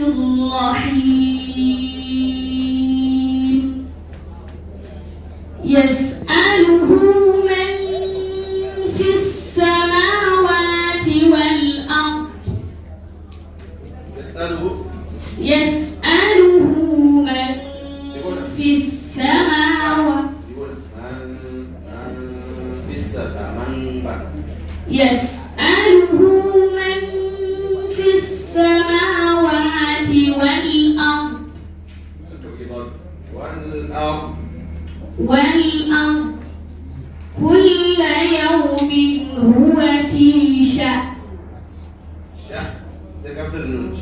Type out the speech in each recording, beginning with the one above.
الرحيم يسأله من في السماوات والأرض يسأله يسأله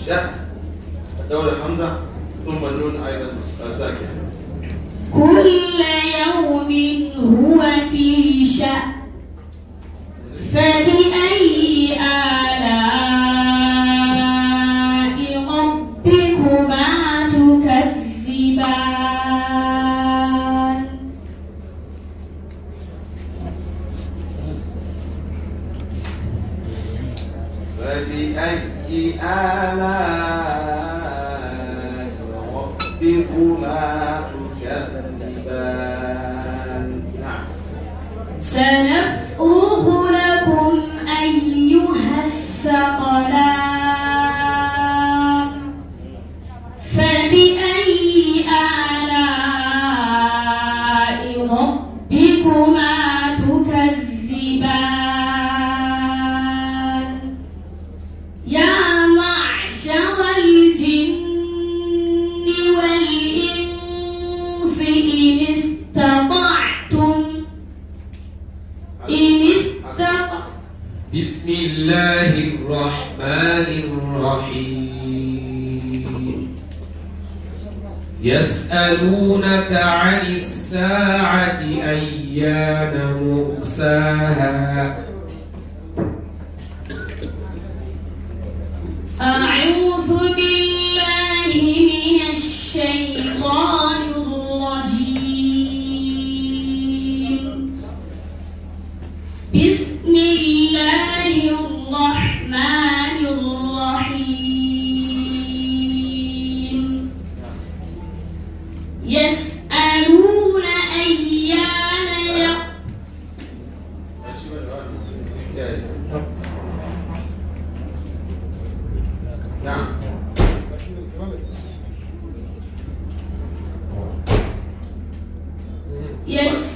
شاء الدولة حمزة ثم النون أيضا ساكنة كل يوم هو في شأن فبأي آلاء ربكما تكذبان نعم الرحمن الرحيم يسألونك عن الساعة أيان مرساها أعوذ بالله من الشيطان الرجيم بسم Yes.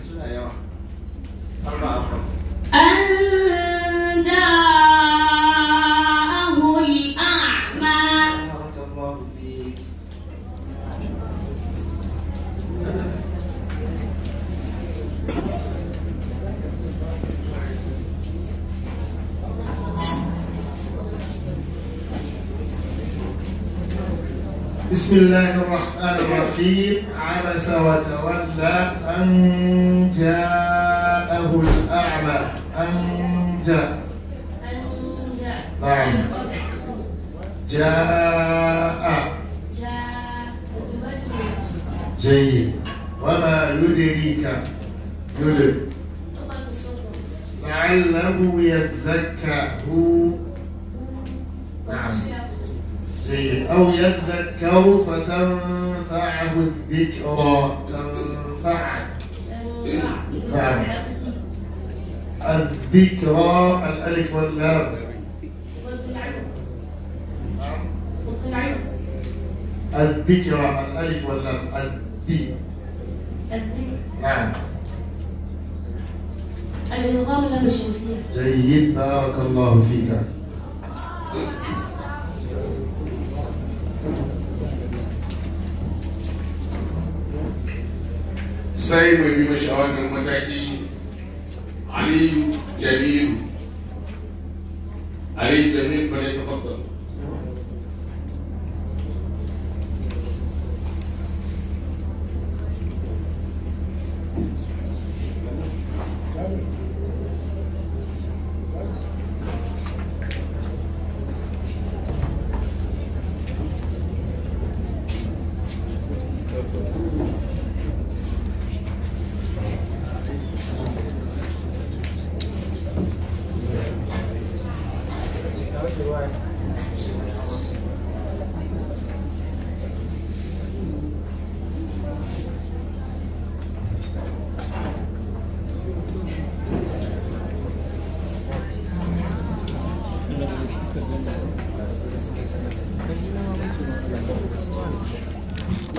主任，你好，他来了。بسم الله الرحمن الرحيم عبس وتولى أن جاءه الأعمى أن جاء نعم جاء جيد وما يدريك يدرك لعله يذكره نعم جيد أو يذكر فتنفعه الذكرى تنفعه الذكرى الألف واللام الذكرى الألف واللام الذي نعم الإنضام لام الشمسية جيد بارك الله فيك sai mai bi mashi a wannan mataki aliyu jamilu aliyu jamilu fa ne tafaddal Oh,